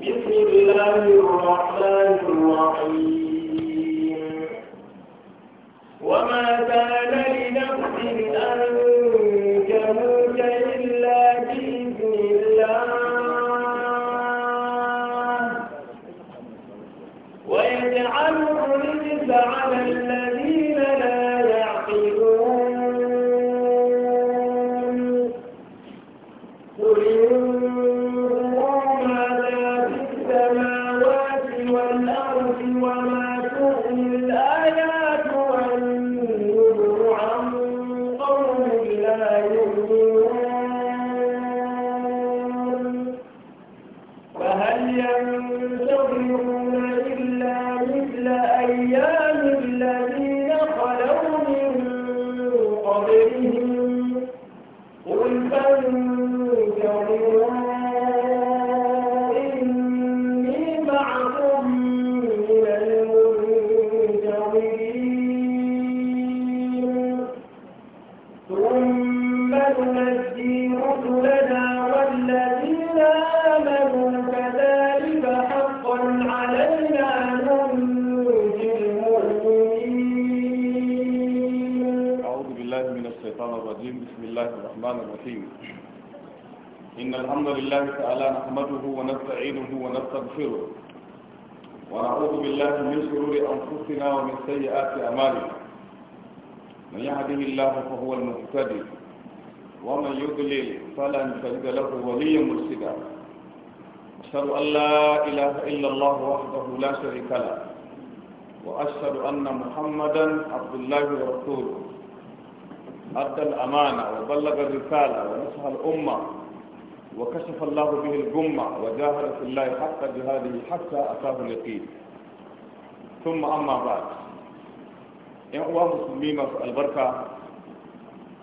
بسم الله الرحمن الرحيم وما كان فلن تجد له وليا مرشدا أشهد أن لا إله إلا الله وحده لا شريك له وأشهد أن محمدا عبد الله ورسوله أدى الأمانة وبلغ الرسالة ونصح الأمة وكشف الله به الجمة وجاهد في الله حق جهاده حتى أتاه اليقين ثم أما بعد ‘yan uwa musulmi البركة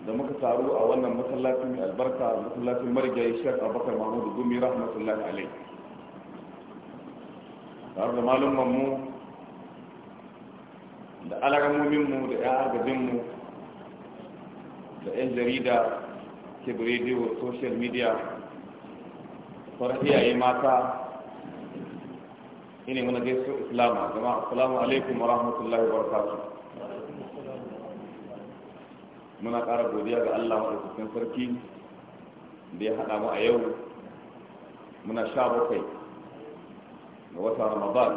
da muka taru a wannan masallacin mai albarka masallacin marigayi shek abakar mahmudu gumi rahmatullahi alai tare da malumanmu da alaramominmu da 'yan agajinmu da 'yan jarida ke rediyo social media fara iyaye mata ina mana gaisu islamu jama'a assalamu alaikum wa rahmatullahi wa barakatuh muna ƙara godiya ga allah maɗaukakin sarki da ya haɗa mu a yau muna sha bakwai ga wata ramadan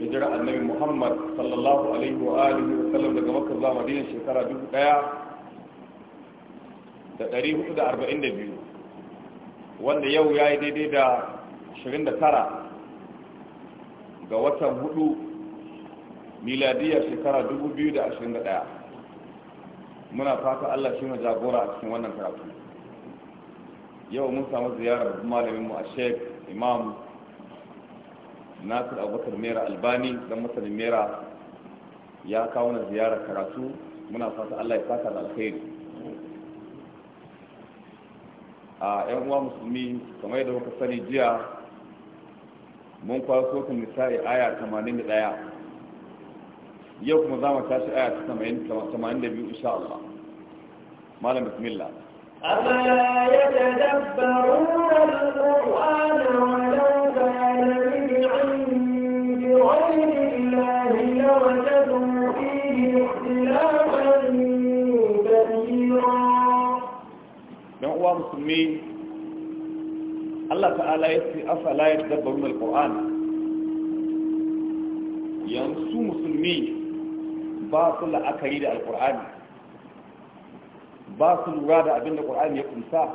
hijira annabi muhammad sallallahu alaihi wa alihi wa sallam daga makka zuwa madina shekara dubu ɗaya da ɗari hudu da arba'in da biyu wanda yau ya yi daidai da ashirin da tara ga watan hudu miladiyar shekara dubu biyu da ashirin da ɗaya muna fata Allah shi mu jagora a cikin wannan karatu yau mun samu ziyarar malamin mu a Sheikh Imam Nasir Abubakar Mera Albani dan masanin Mera ya kawo na ziyarar karatu muna fata Allah ya saka da alkhairi a yan uwa musulmi kamar yadda kuka sani jiya mun kwaso kan misali aya 81 yau kuma za mu tashi aya ta 82 insha Allah malam bismillah أفلا يتدبرون القرآن ولو كان من عند غير الله لوجدوا فيه اختلافا كثيرا. يوم مسلمين الله تعالى يسي أفلا يتدبرون القرآن yanzu مسلمين ba su la'akari da alkur'ani ba su lura da abinda da ƙur'ani ya kunsa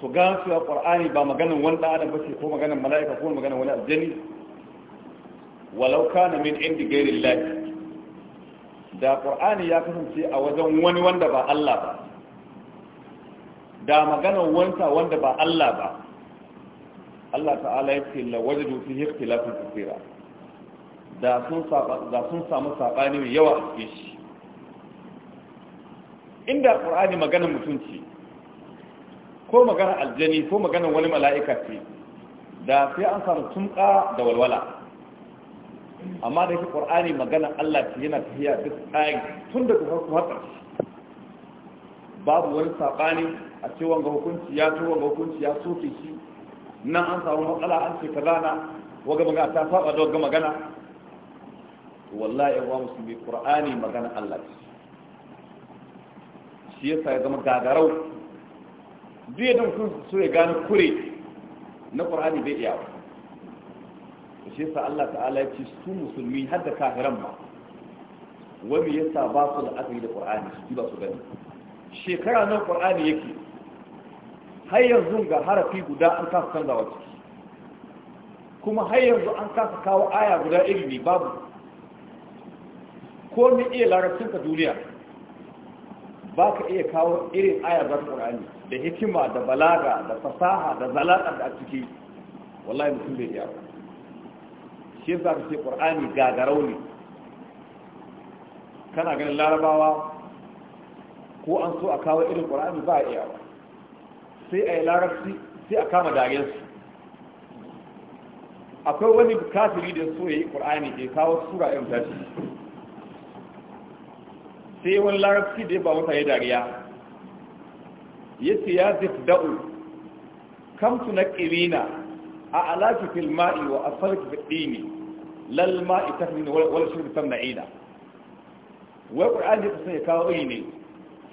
su gansu cewa ƙur'ani ba maganin wani ɗan adam bace ko maganin mala'ika ko maganin wani aljani Walauka na min indi gairin lafi da ƙur'ani ya kasance a wajen wani wanda ba Allah ba da maganin wanta wanda ba Allah ba Allah ta'ala ya ce la wajadu fi ikhtilafin kaseera da sun samu saɓani mai yawa a cikin shi inda ƙur'ani magana mutunci ko maganar aljani ko maganar wani mala'ika ce da sai an samu tumka da walwala amma da yake ƙur'ani maganar Allah ce yana tafiya duk tsayin tun daga farko shi. babu wani saɓani a ce wanga hukunci ya ce wanga hukunci ya soke shi nan an samu matsala an ce kaza rana waga magana ta saba da waga magana wallahi yan uwa musulmi qur'ani magana Allah ce shi yasa ya zama gagarau duk yadda mutum so ya gane kure na qur'ani bai iya shi yasa Allah ta'ala ya ce su musulmi har da kafiran ma wani yasa ba su da asali da qur'ani su ba su gani shekara nan qur'ani yake har yanzu ga harafi guda an kasa canzawa ciki kuma har yanzu an kasa kawo aya guda ne babu ko mai iya larabcin ka duniya ba ka iya kawo irin ayar zan da hikima da balaga da fasaha da zalaƙar da a ciki wallahi mutum bai iya shi za ka ce ƙur'ani gagarau ne kana ganin larabawa ko an so a kawo irin ƙur'ani ba a iya ba sai a yi larabci sai a kama dagensu akwai wani kafiri da so ya yi ƙur'ani ke kawo sura yin tashi sai wani larabci da ya ba mutane dariya ya ce ya zifda'u kamtu na ƙirina a alaƙi filma'i wa a farki ne lalma'i ta fi wani shirin tam na'ina wai ƙur'an ya kusa ya kawo iri ne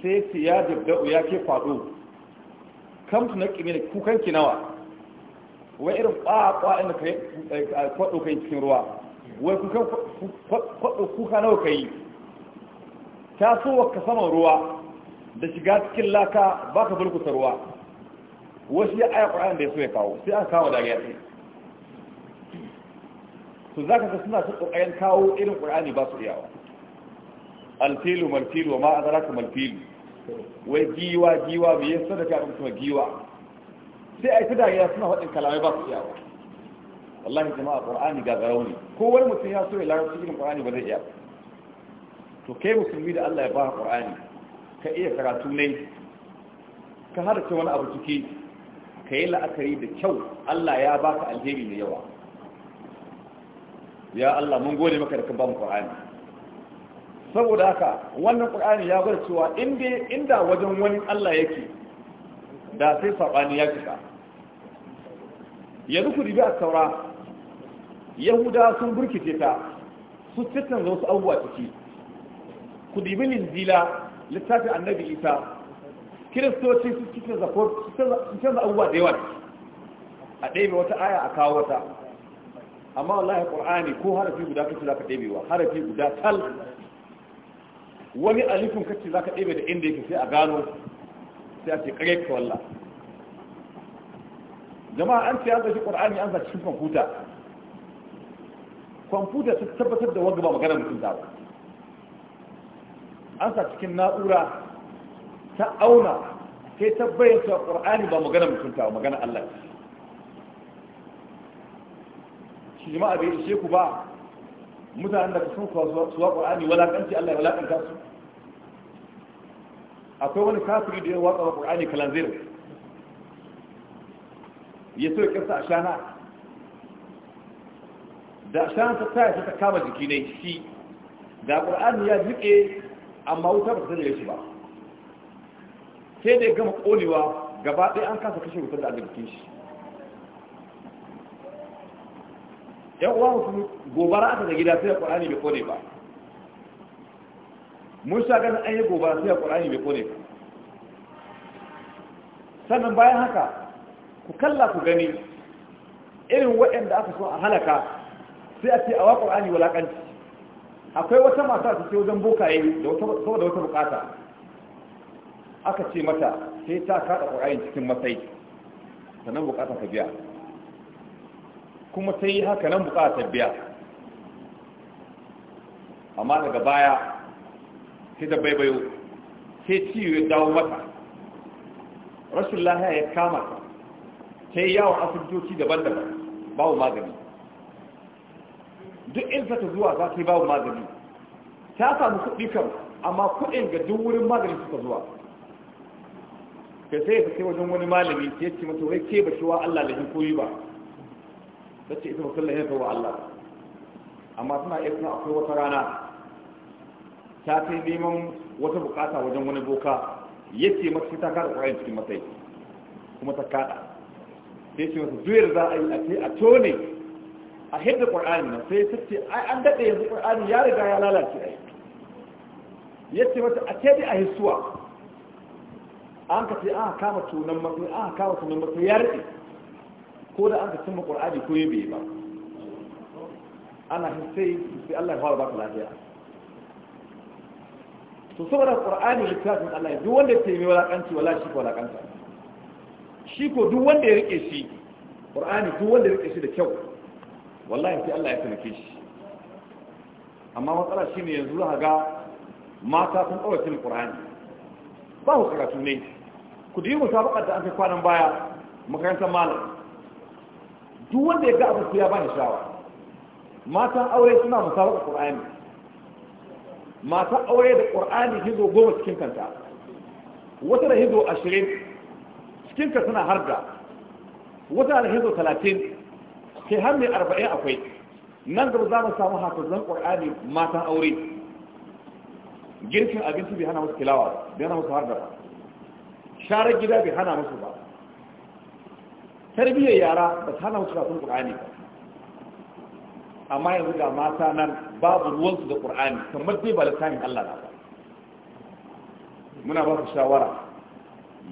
sai ce ya zifda'u ya ke faɗo kamtu na ƙirina ki nawa wai irin ƙwaƙwa inda ka yi eh, kwaɗo kai cikin ruwa wai kuka nawa ka yi tasowar ka saman ruwa da shiga cikin laka ba ka bulkuta ruwa wasu ya aya ƙwararren da ya so ya kawo sai aka kawo dariya ɗaya Su za ka ga suna ta ƙoƙarin kawo irin ƙwararren ba su iyawa alfilu malfilu a ma'azara ka malfilu wai giwa giwa mai yin sadaka abin kuma giwa sai a yi ta dariya suna waɗin kalamai ba su iyawa wallahi jama'a ƙwararren ga ne ko wani mutum ya so ya larabci irin ƙwararren ba zai iya ba to kai musulmi da Allah ya ba Qur'ani ka iya karatu ne ka ka wani abu ciki ka yi la'akari da kyau Allah ya baka alheri ne yawa ya Allah mun gode maka da ka ba mu Qur'ani saboda haka wannan Qur'ani ya gwada cewa inda inda wajen wani Allah yake da sai sabani ya fita yanzu ku ribi a saura yahuda sun burkice ta su cikin su abubuwa ciki ku dibi linzila, littafin annabi isa kiristoci su cikin zafon su canza abubuwa da yawa a ɗebe wata aya a kawo wata amma wallahi ƙur'ani ko harafi guda za ka zaka wa harafi guda tal wani alifin za ka ɗebe da inda yake sai a gano sai a ce kare ka walla. jama'a an ce an zafi ƙur'ani an zafi cikin kwamfuta kwamfuta ta tabbatar da wanda ba magana mutum zawo an sa cikin na'ura ta auna sai ta bayyana qur'ani ba magana mutunta ba magana Allah shi jama'a bai ishe ku ba mutanen da sun kwasuwa qur'ani walakanci Allah ya walakanta su akwai wani kafiri da ya watsa wa qur'ani kalanzir ya so ya kirsa a shana da shana ta taya ta kama jiki ne shi da qur'ani ya jike amma wuta ba ta zai shi ba sai da ya gama kolewa gaba ɗaya an kasa kashe wutar da an jikin shi yan uwa musu gobara aka da gida sai a ƙwarani bai kone ba mun sha ganin an yi gobara sai a ƙwarani bai kone ba sannan bayan haka ku kalla ku gani irin waɗanda aka so a halaka sai a ce a wa ƙwarani wulaƙanci akwai wata mata su ce wajen bokaye saboda wata bukata aka ce mata sai ta kada ƙwayoyin cikin matsayi sannan bukata ka biya kuma ta yi haka nan bukata ta biya amma daga baya sai da baibayo sai ciwo ya dawo mata rashin lahiya ya kama ta yi yawon asibitoci daban-daban babu magani duk in ta zuwa za ta yi babu magani ta samu kuɗi kan amma kuɗin ga duk wurin magani suka zuwa ka sai ka kai wajen wani malami ya ce mata wai ke ba shi wa Allah lahin koyi ba ta ce ita ba sallah yanzu wa Allah amma tana iya suna akwai wata rana ta kai neman wata bukata wajen wani boka ya ce mata sai ta kada ƙwarai cikin matsayi kuma ta kada sai ce mata zuwa za a yi a ce a tone a hidda ƙwar'ani nan sai su ce ai an daɗe yanzu ƙwar'ani ya riga ya lalace ai ya ce mata a ce dai a hisuwa an ka ce an kama tunan matsayi an kama tunan matsayi ya riƙe ko da an ka cimma ƙwar'ani ko ya bai ba ana hissai sai Allah ya fara baka lafiya to saboda ƙwar'ani littafin Allah duk wanda ya taimi walakanci wala shi ko walaƙanta shi ko duk wanda ya riƙe shi ƙwar'ani duk wanda ya riƙe shi da kyau wallahi sai Allah ya taimake shi amma matsala ne yanzu za ga mata sun cin alqur'ani ba ku karatu ne ku da yi musabaqar da an kai kwanan baya makarantar malam duk wanda ya ga abu ya bani shawa matan aure suna musabaqar qur'ani mata aure da qur'ani hizo goma cikin kanta wata da hizo ashirin cikin ka suna harga, wata da hizo talatin kai har mai arba'in akwai nan gaba za mu samu hafizan ƙwar'ani matan aure girkin abinci bai hana musu tilawa bai hana musu har ba sharar gida bai hana musu ba tarbiyyar yara ba ta hana musu karatun ƙwar'ani ba amma yanzu ga mata nan babu ruwansu da ƙwar'ani kamar dai ba littafin allah na ba muna ba shawara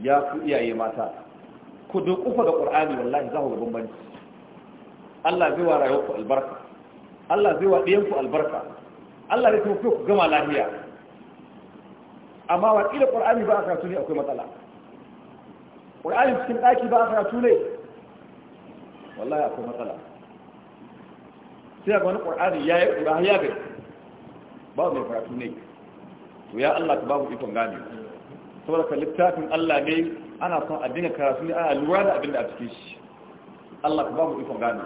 ya ku iyaye mata ku duk ufa da ƙwar'ani wallahi za ku ga bambanci Allah zai wa rayuwarku albarka Allah zai wa ɗiyanku albarka Allah zai kuma ku gama lahiya. amma wa ƙila ƙur'ani ba a karatu ne akwai matsala ƙur'ani cikin ɗaki ba a karatu ne wallahi akwai matsala sai a wani ƙur'ani ya yi ƙura ya gari ba mai karatu ne to ya Allah ka babu ikon gane saboda ka littafin Allah ne ana son a dinga karatu ne ana lura da abin da a cikin shi Allah ka babu ikon gane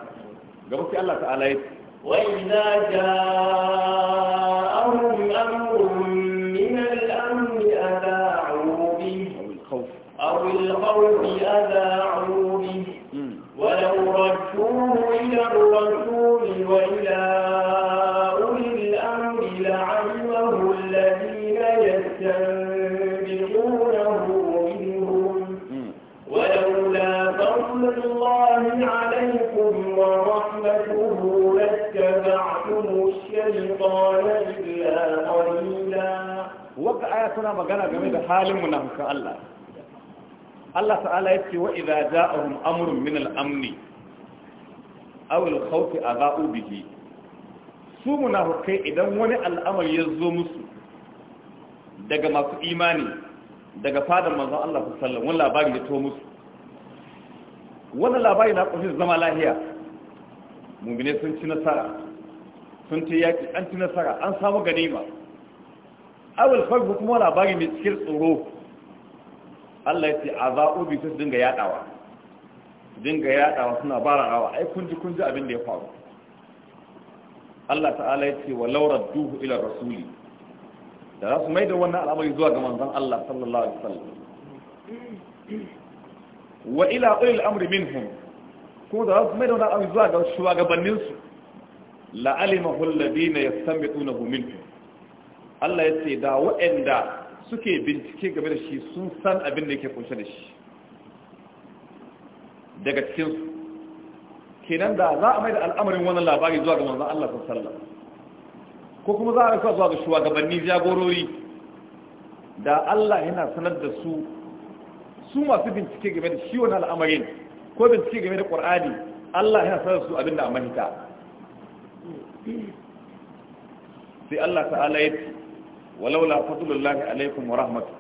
غو الله تعالى واذا جاء امر من الامن اذاعوا به او الخوف اذاعوا الشيطان إلا قليلا وقع آياتنا مقالة Allah. حال Ta'ala الله الله تعالى a amurin min su munafukai idan wani al'amari ya zo musu daga masu imani daga fadar manzon Allah sallallahu wani labari ya to musu wannan labari na ƙunshi zama lahiya mummine sun ci nasara sun ta yaƙi an ci nasara an samu ganima awul farko kuma labari mai cikin tsoro Allah ya ce a za'o bi su dinga yaɗawa dinga yaɗawa suna bara rawa ai kun ji kun ji abin da ya faru Allah ta'ala ya ce wa laurar duhu ila rasuli da za su mai da wannan al'amari zuwa ga manzon Allah sallallahu alaihi wasallam wa ila ulil amri minhum ko da za su mai da wannan al'amari zuwa ga shugabanninsu la'alimahu alladhina yastami'unahu minhum Allah ya ce da waɗanda suke bincike game da shi sun san abin da yake kunshe da shi daga cikin su kenan da za a mai da al'amarin wannan labari zuwa ga manzon Allah sallallahu ko kuma za a rasa zuwa ga shugabanni jagorori da Allah yana sanar da su su masu bincike game da shi wannan al'amarin ko bincike game da Qur'ani Allah yana sanar da su abin da a mahita sai Allah ta'ala ya ce walaula fadlullahi alaikum wa rahmatu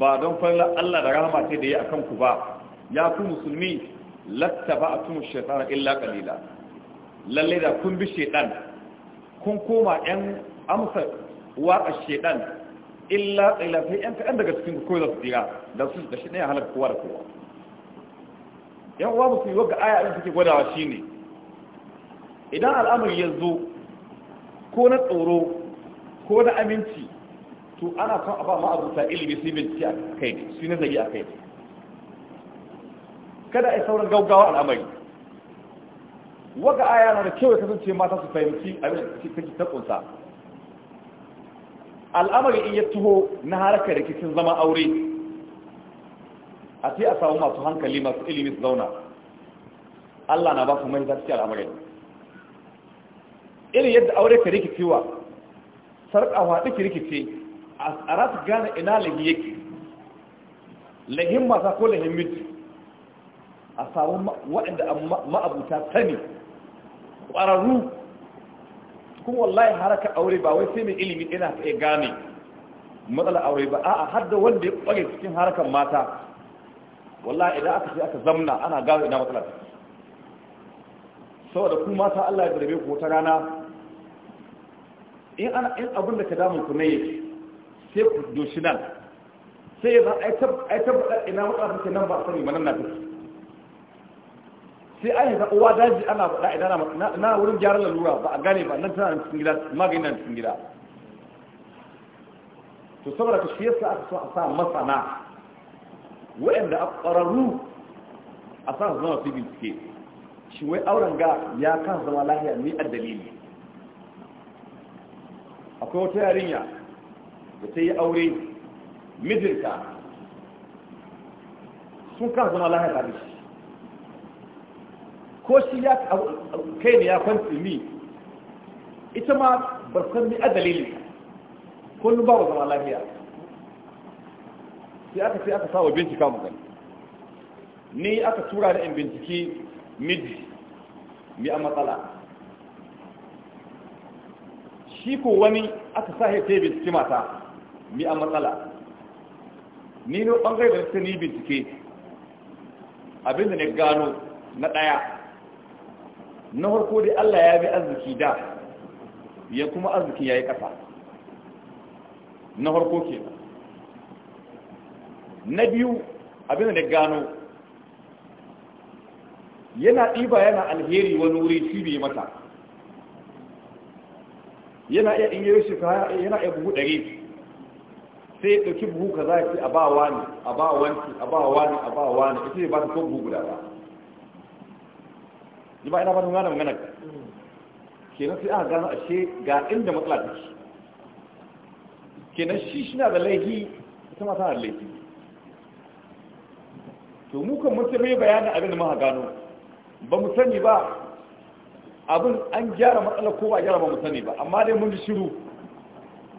ba don fara Allah da rahama ce da yi akan ku ba ya ku musulmi lattaba'tum shaytana illa qalila lalle da kun bi shaytan kun koma yan amsa wa shaytan illa qalila sai yan kaɗan daga cikin ku da su dira da su da shi ne halaka kowa da kowa yan uwa musulmi wanda aya din take gwadawa shine idan al'amari ya zo ko na tsoro ko na aminci to ana kan a ba ma'abuta ilimi su yi a kai ne su zagi a kai kada a yi sauran gaugawa al'amari waga aya na da kyau ya kasance mata su fahimci abin da take ta kunsa al'amari in ya tuho na da rikicin zama aure a sai a samu masu hankali masu ilimi su zauna Allah na ba su mai zafi al'amarin irin yadda aure ka rikicewa sarƙa faɗi ki rikice a su gane ina lahi yake lahin mata ko lahin miji a samun waɗanda ma'abuta ne. ƙwararru kuma wallahi haraka aure ba wai sai mai ilimi ina ka gane matsala aure ba a'a har wanda ya ƙware cikin harakan mata wallahi idan aka sai aka zamna ana gano ina matsala saboda kuma ta Allah ya zarbe ku ta rana in ana in abin da ka damun ku ne yake sai ku doshi nan sai ya zan ai da ina wata suke nan ba sani manan na fi sai ai zan uwa daji ana faɗa idan na wurin gyaran lalura ba a gane ba nan tana cikin gida magani na cikin gida to saboda ka shi sa aka so a sa masana waɗanda a ƙwararru a sa su zama su bincike shi wai auren ga ya kan zama lahiya ni a dalili akwai wata yarinya da ta yi aure mijinta sun kan zama lahar da shi ko shi ya kai ne ya kwanci mi ita ma ba san mi a dalilin nun ba wa zama lahiya sai aka sai aka sawa bincika mu gani ni aka tura da in binciki miji mi a matsala shi ko wani aka sa ya ta bincike mata mi an matsala ni ne bangare da ta ni bincike abinda ne gano na ɗaya na farko dai Allah ya bi arziki da ya kuma arziki ya yi ƙasa na farko ke na biyu abinda ne gano yana ɗiba yana alheri wani wuri shi bai mata yana iya in yi shi yana iya buhu ɗari sai ya ɗauki buhu ka za ce a ba wani a ba wanki a ba wani a ba wani ita ne ba ta son guda ba ji ba ina ba ta gane magana ka kenan sai aka gano ashe ga inda matsala take kenan shi shi na da laifi ita ma da laifi to mu kan mutum yi bayanin abin da muka gano ba mu sani ba abin an gyara matsala ko ba gyara ba mu sani ba amma dai mun shiru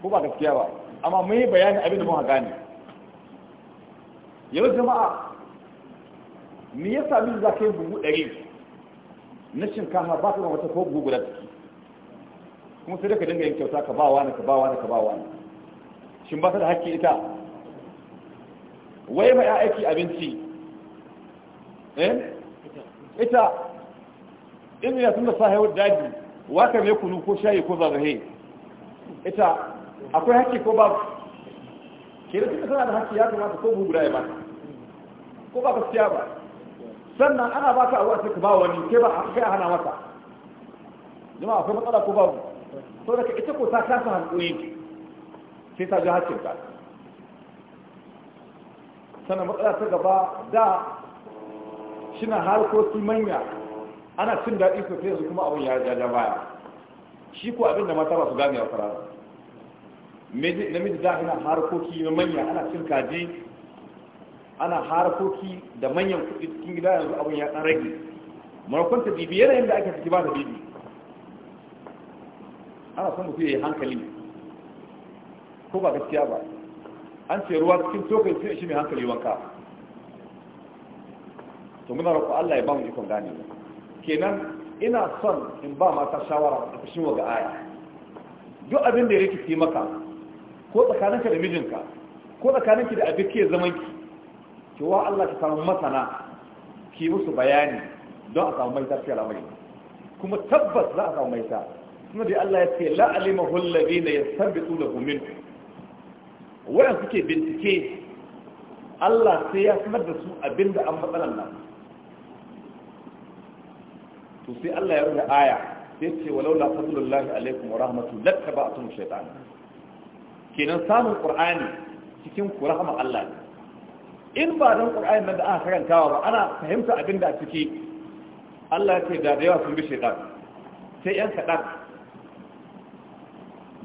ko ba gaskiya ba amma mun yi bayani abin da haka gane yau jama'a me ya sami za ka yi bugu ɗari na shinkafa ba ka wata ko bugu guda ciki kuma sai ka dinga yin kyauta ka ba wani ka ba wani ka ba wani shin ba ta da hakki ita wai ma ya aiki abinci eh ita in ya tun da daji waka mai kunu ko shayi ko zagaye ita akwai haƙƙi ko ba ke da tunda tana da haƙƙi ya kamata ko bugu ya ba ko ba gaskiya ba sannan ana ba ka a cikin ba wani ke ba kai a hana mata jama'a akwai matsala ko babu Sau daga ita ko ta kasa hankuri sai ta ji haƙƙin ka sannan matsala ta gaba da shi na harkoki manya ana cin daɗi sosai yanzu kuma abin ya jaja baya shi ko abin da mata ba su gane wa fara namiji da ana harkoki na manya ana cin kaji ana harkoki da manyan kuɗi cikin gida yanzu abin ya ɗan rage maimakon ta bibi yanayin da ake ciki ba ta bibi ana son mutum ya hankali ko ba gaskiya ba an ce ruwa cikin tokai sai shi mai hankali wanka to muna roƙo Allah ya ba mu ikon ganewa kenan ina son in ba mata shawara da kashin wa aya duk abin da ya rikici maka ko tsakaninka da mijinka ko tsakaninki da abin ke ki cewa Allah ta samu masana ki musu bayani don a samu mai tafiya lamari kuma tabbas za a samu mai ta suna da Allah ya ce la alima hullabi na yasabitu da gumin wayan suke bincike Allah sai ya sanar da su abinda an matsalan nan to sai Allah ya rufe aya sai ce walau la fadlullahi alaikum wa rahmatu lattaba'tum shaytan kenan samun qur'ani cikin ku rahama Allah in ba dan qur'ani nan da aka karantawa ba ana fahimta abin da ciki Allah ya ce da da yawa sun bi shaytan sai yan kadan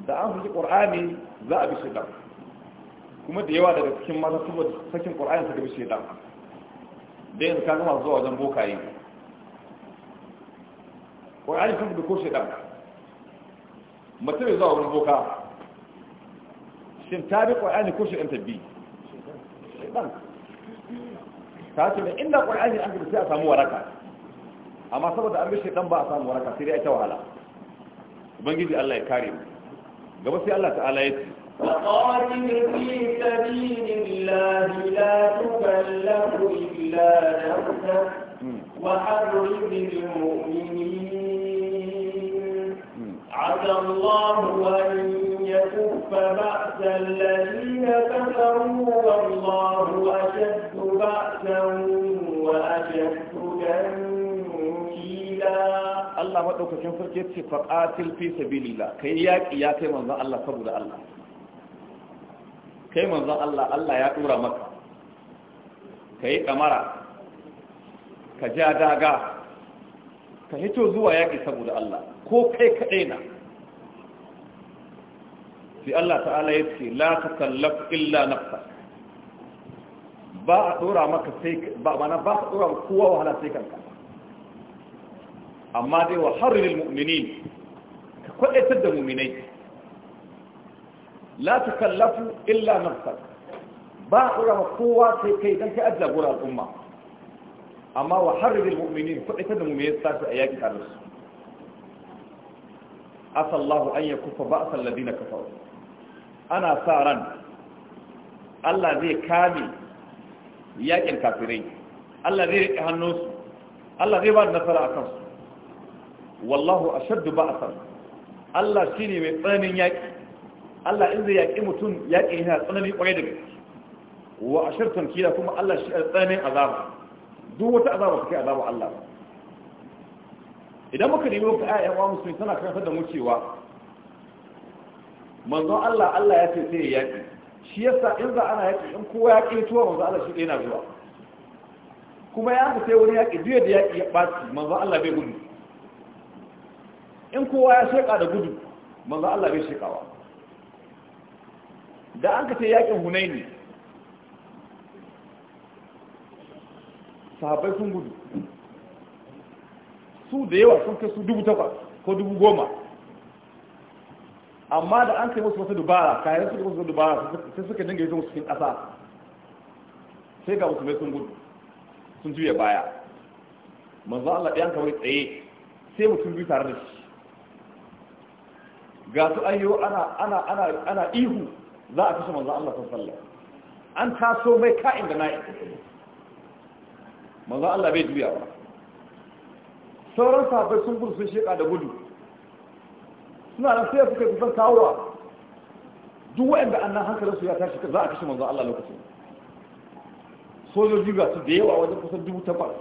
da an fi qur'ani za a bi shaytan kuma da yawa daga cikin mata saboda sakin qur'ani suka bi shaytan da yanzu ka gama zuwa wajen bokaye ƙwararri sun da ko shaidan mutum ya zuwa wurin boka shin ta bi ƙwararri ko shaidan ta bi shaidan ta ce da inda ƙwararri an gaba sai a samu waraka amma saboda an bi shaidan ba a samu waraka sai dai a ta wahala ubangiji allah ya kare gaba sai allah ta'ala ya ce وقاتل في سبيل الله لا تكلف إلا نفسك وحرم المؤمنين عسى الله أن يكف بأس الذين كفروا والله أشد بأسا وأشد تنكيلا Allah maɗaukakin sarki ce faƙatil fi sabilillah kai yaƙi ya kai manzon Allah saboda Allah kai manzon Allah Allah ya ɗora maka kai kamara ka ja daga ka hito zuwa yaƙi saboda Allah ko kai kaɗai na sai Allah ta'ala ya ce la takallaf illa nafsa ba a dora maka sai ba mana ba a dora maka kowa wahala sai kanka amma dai wa harril mu'minin ka kwadaitar da mu'minai la takallafu illa nafsa ba a dora maka kowa sai kai dan kai ajja gura al'umma amma wa harril mu'minin kwadaitar da mu'minai sai a yaki tare su asallahu an yakufa ba'sal ladina kafaru ana sa ran Allah zai kame yakin kafirai Allah zai riƙe hannunsu Allah zai ba da nasara a kansu wallahu a a san. Allah shine mai tsananin yaki Allah in zai yaki mutum yaki yana tsananin kwarai da gaske wa a ashartan kila kuma Allah shi tsananin azaba duk wata azaba take azaba Allah idan muka nemi wata ayyan wa musulmi tana karantar da mu cewa manzon Allah Allah ya ce sai ya yaki shi yasa in za ana yaki in kowa ya ƙi tuwa manzon Allah shi ɗaya na zuwa kuma ya haka sai wani yaƙi duk da yaƙi ya ɓaci manzon Allah bai gudu in kowa ya sheka da gudu manzon Allah bai shekawa da an ka sai yaƙin hunaini sahabbai sun gudu su da yawa sun kai su dubu takwas ko dubu goma amma da an kai musu wasu dubara kayan suka musu dubara sai suka dinga yi cikin ƙasa sai ga musulmai sun gudu sun juya baya manzo Allah ɗayan kawai tsaye sai mutum biyu tare da shi ga su ayyo ana ana ana ana ihu za a kashe manzo Allah sallallahu an taso mai ka'in da na'i manzo Allah bai juya ba sauran sahabbai sun gudu sun sheka da gudu suna nan sai suka kusan kawowa duk wa'anda hankali su ya tashi za a kashe manzo Allah lokacin sojoji ga su da yawa wajen kusan dubu takwas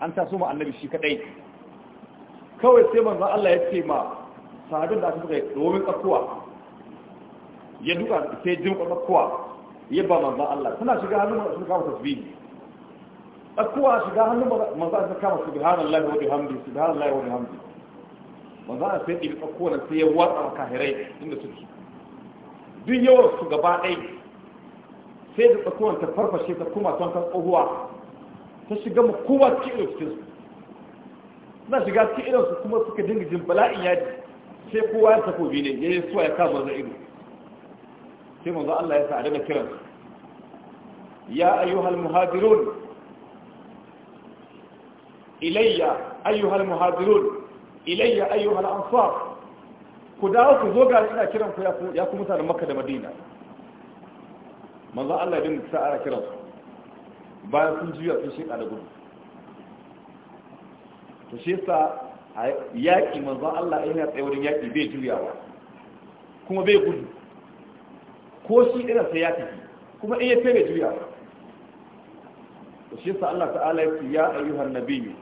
an taso ma annabi shi kadai kawai sai manzo Allah ya ce ma sahabin da aka buga domin tsakuwa ya duka sai jin tsakuwa ya ba manzo Allah suna shiga hannun manzo sun kama tasbihi tsakuwa shiga hannun manzo sun kama subhanallahi wa bihamdihi subhanallahi wa bihamdihi manzo Allah sai ɗibi ɗauko nan sai ya watsa wa kahirai inda suke duk yawan su gaba ɗai sai da tsakuwan ta farfashe ta kuma son kan tsohuwa ta shiga mu kowa cikin cikin su na shiga cikin irin su kuma suka dinga jin bala'in yaji sai kowa ya biyu ne ya yi suwa ya kama manzo ido sai manzo Allah ya sa a daga kiran ya ayyuhal muhajirun ilayya ayyuhal muhajirun ilayya ayyuhal ansar ku dawo ku zo ga ina kiran ku ya ku mutanen makka da madina manzo Allah din sa ara kiran su bayan sun juya sun shi da gudu to shi yasa yaki manzo Allah yana tsayawarin wurin yaki bai juyawa kuma bai gudu ko shi irin sai ya tafi kuma in ya tsaye bai juyawa to shi yasa Allah ta'ala ya ce ya ayyuhan nabiyyu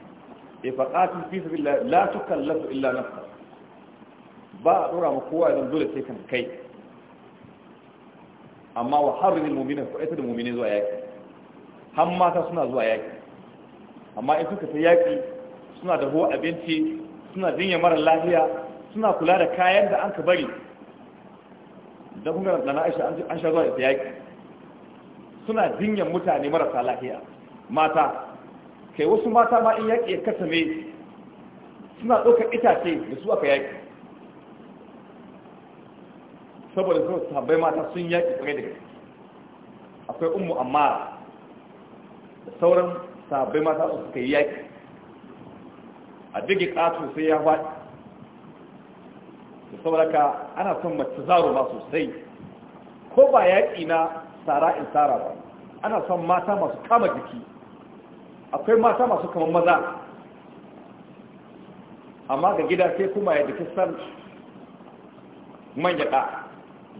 ya faƙatin fi sabi la tukallafu illa nafsa ba a ɗora ma kowa idan dole sai kan kai amma wa harin mummina ko ita da mummina zuwa yaƙi har mata suna zuwa yaƙi amma in suka ta yaƙi suna da ho abinci suna jinya mara lafiya suna kula da kayan da an ka bari don kuma da na aisha an sha zuwa ita yaƙi suna jinyar mutane marasa lafiya mata kai wasu mata ma in yaƙi ya kasame suna ɗaukar itace da su aka yaƙi saboda su sabbai mata sun yaƙi kwarai da gaske akwai ummu amma da sauran sabbai mata su suka yi yaƙi a dage ƙato sai ya faɗi da saboda ka ana son mace zaro ba sosai ko ba yaƙi na tsara in tsara ba ana son mata masu kama jiki akwai mata masu kamar maza amma ga gida sai kuma ya dake san manya ɗa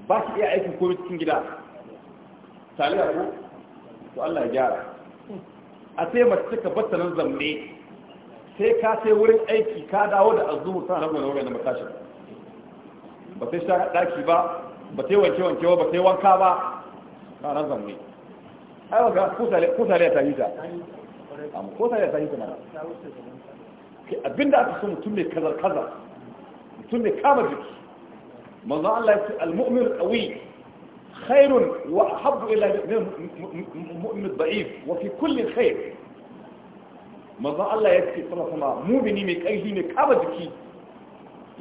ba su iya aikin kuma cikin gida taliya ko su Allah ya gyara a sai mace suka batta zamne sai ka sai wurin aiki ka dawo da azumu tana na wani na da ba sai sha daki ba ba sai wanke wanke ba sai wanka ba tana nan zamne ai ga kusale kusale ta hita amma ko ta ya zai da mana abinda aka so mutum mai kazar kazar mutum mai kama jiki manzo Allah ya ce al-mu'min qawi khairun wa ahabbu ila mu'min da'if wa fi kulli khair manzo Allah ya ce sama sama mu'mini mai karfi mai kama jiki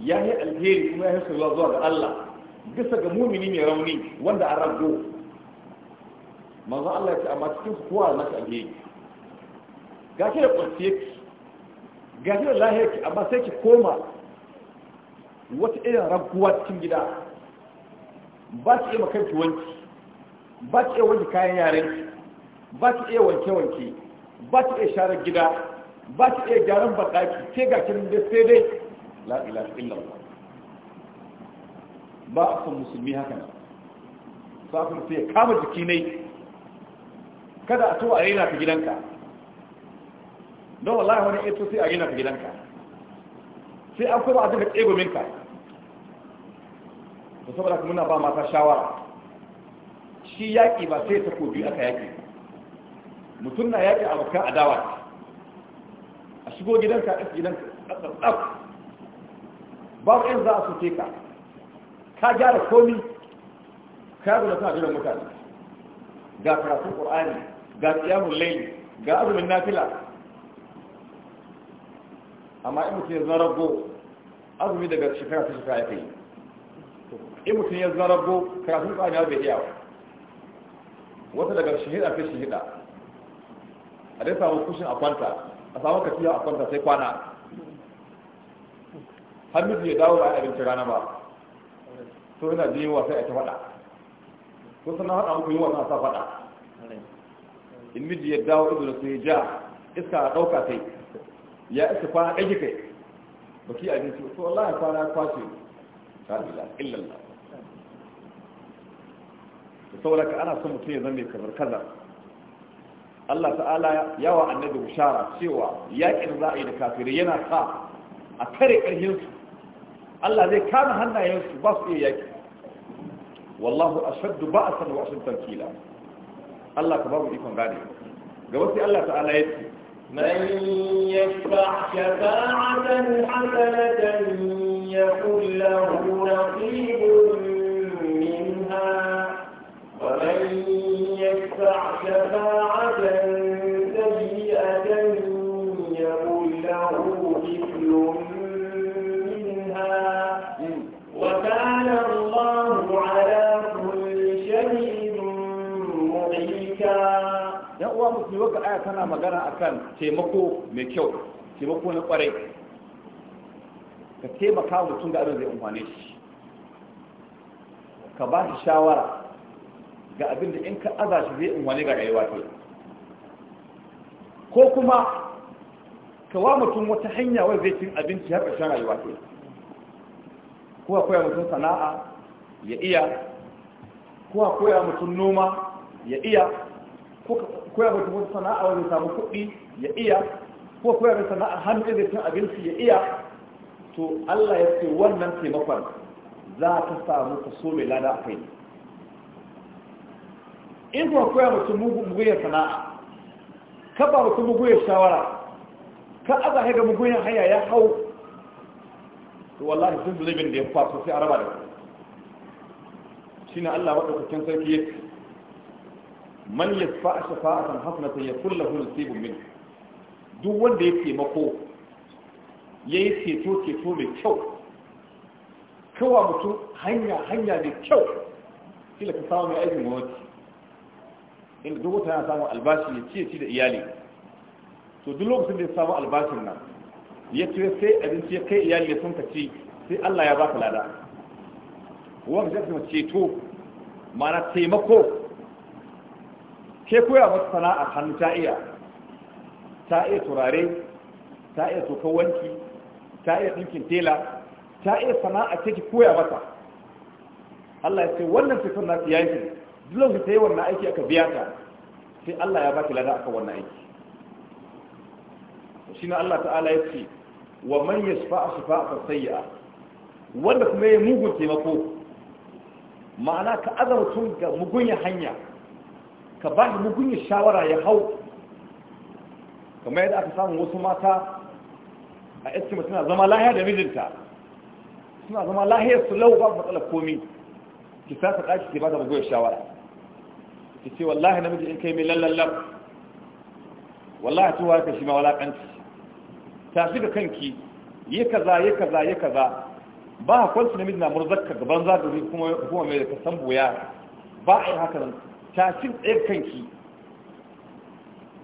ya yi alheri kuma ya yi soyuwa zuwa ga Allah bisa ga mumini mai rauni wanda a rago manzo Allah ya ce amma cikin kowa na alheri ga da ƙwarfiyarki ga gashi da ki, amma sai ki koma wata irin raguwa cikin gida ba ki iya makanki wanki ba ki iya wanki kayan yarenki ba ki iya wanke-wanke ba ki iya sharar gida ba ki iya gyaran baɗaki ke ga kin da sai dai la ilaha illallah ba a san musulmi haka nan sa kuma kama jiki ne kada a to a na ka gidanka don wallahi wani ito sai a gina gidanka sai an kuma a duka tsegomin ka to saboda muna ba mata shawara shi yaƙi ba sai ta kobi aka yaƙi mutum na yaƙi abokan adawa a shigo gidanka a gidanka ɗaɗɗaɗɗaf babu in za a sute ka ka gyara komi ka yi da suna jiran mutane ga karatun ƙur'ani ga tsiyamun laili ga azumin nafila amma in mutum ya zarabo azumi daga shekara ta shekara ya kai in mutum ya zarabo karatun tsaniya bai iya wata daga shahida ta shahida a dai samu kushin a kwanta a samu katiya a kwanta sai kwana hamidu ya dawo ba a abinci rana ba to yana jin wasa ya ta faɗa ko sana faɗa muku yi wasa sa faɗa in miji ya dawo ido da sai ja iska a ɗauka sai ya isa kwana ɗage kai ba ki abinci ba to ya kwana kwace ta ila illallah to saboda ka ana son mutum ya zama mai kamar kaza. Allah ta'ala ya wa annabi bishara cewa yakin za a yi da kafirai yana sa a kare su. Allah zai kama hannayensu ba su iya yaki wallahu ashaddu ba'san wa ashaddu tankila Allah ka babu ikon gane gaba sai Allah ta'ala ya ce من يشفع شفاعة حسنة يكن له نصيب منها ومن يشفع شفاعة uwa musulmi waka aya tana magana akan taimako mai kyau taimako na kwarai ka taimaka mutum da abin zai amfane shi ka ba shi shawara ga abin da in ka aza shi zai amfane ga rayuwa ta ko kuma ka wa mutum wata hanya wanda zai cin abinci har ƙarshen rayuwa ta ko a koya mutum sana'a ya iya ko a koya mutum noma ya iya ko koya mai wata sana'a wanda samu kuɗi ya iya ko koya mai sana'a hannu da cin abinci ya iya to Allah ya ce wannan taimakon za ta samu kaso mai lada a kai in kuma koya mutum mugunyar sana'a ka ba mutum mugunyar shawara ka aza haiga mugunyar haya ya hau to wallahi sun zulubin da ya faso sai a raba da shi na Allah waɗaukakin sarki ya man yasfa shafa'atan ta ya lahu nasibun min duk wanda ya taimako yayi ceto ceto mai kyau kawa mutum hanya hanya mai kyau kila ka samu mai aikin gwamnati inda duk wata yana samun albashi ya ciye ci da iyali to duk lokacin da ya samu albashin nan ya ce sai abinci ya kai iyali ya sun ci sai Allah ya baka lada wanda ya ceto mana taimako ke koya mata sana'a hannu ta iya ta iya turare ta iya tokar wanki ta iya ɗinkin tela ta iya sana'a ce ki koya mata Allah ya ce wannan sifar na siya yi duk lokacin ta yi wannan aiki aka biya ta sai Allah ya baki lada aka wannan aiki shi na Allah ta'ala ya ce wa man yashfa'a a sayyi'a wanda kuma ya mugun taimako ma'ana ka tun ga ya hanya ka ba shi mugun shawara ya hau kamar yadda aka samu wasu mata a eskima suna zama lahiya da mijinta suna zama lahiyar su lau ba matsalar komi ki sasa ɗaki ki ba da mugun shawara ki ce wallahi namiji in kai mai lallallar wallahi tuwa ka shi ma walaƙanci tashi ga kanki yi kaza yi kaza yi kaza ba a kwanci namiji na murzarka gaban zaɗi kuma mai da ka san buya ba a yi haka nan tashin ɗayar kanki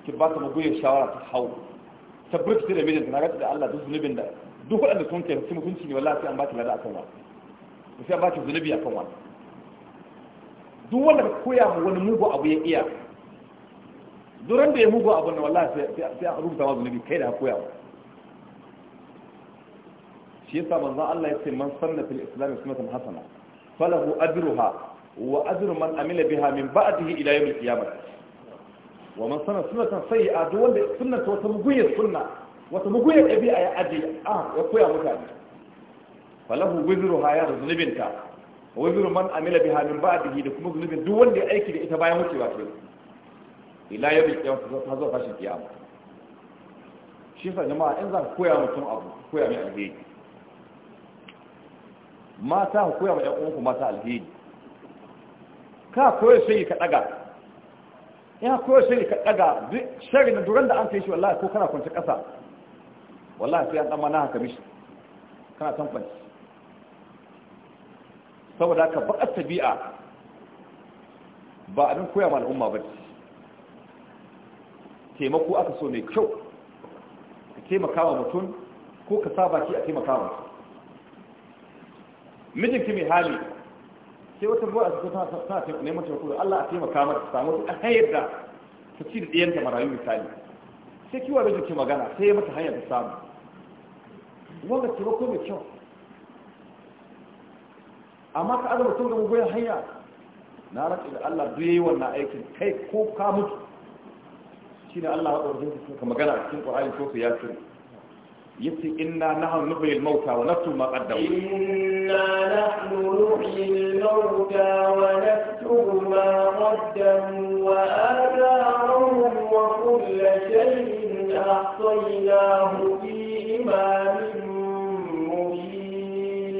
ki ba ta magoyar shawara ta hau ta burkita da mijinta na gata da Allah duk zunubin da duk waɗanda sun ke su mutunci ne wallafi sai an ba ki lada kan wani sai an ba ki zunubi kan wani duk wanda ka koya mu wani mugu abu ya iya duran da ya mugu abu na wallafi sai an rubuta ma zunubi kai da ka koya mu shi yasa manzon Allah ya ce man sanna fil islam sunnatan hasana falahu ajruha wa ajru man amila biha min ba'dihi ila yawm al-qiyamah wa man sana sunnatan sayyi'a duk wanda sunnata wata muguyar sunna wata muguyar dabi'a ya aje ah ya koya mutane falahu wizruha ya zunubinta wa wizru man amila biha min ba'dihi da kuma zunubin duk wanda ya aiki da ita bayan wucewa ce ila yawm al-qiyamah ta zo fashin kiyama shi yasa jama'a in za ka koya mutum abu koya mai alheri mata ku koya mai ƴan uwanku mata alheri ka koyar sai ka daga ina koyar sai ka daga shari da duran da an kai shi wallahi ko kana kwance kasa wallahi sai an dan mana haka mishi kana san kwanci saboda ka bakar tabi'a ba abin koya ma al'umma ba taimako aka so mai kyau ka taimaka wa mutum ko ka saba ki a taimaka wa mijinki mai hali sai wata ruwa a cikin tana neman taimako da Allah a taimaka mata samu ta hanyar da ta ci da ɗiyanta marayu misali sai kiwa da ke magana sai ya mata hanyar ta samu wanda taimako mai kyau amma ka azama tun da mugoyin hanya na rantsi da Allah duk yayi wannan aikin kai ko ka mutu shine Allah ya ɗauke ka ka magana cikin Qur'ani ko ya ce yace inna nahnu nuhyil mauta wa nafsu ma qaddamu إنا نحن نحيي الموتى ونكتب ما قدموا وآثارهم وكل شيء أحصيناه في إمام مبين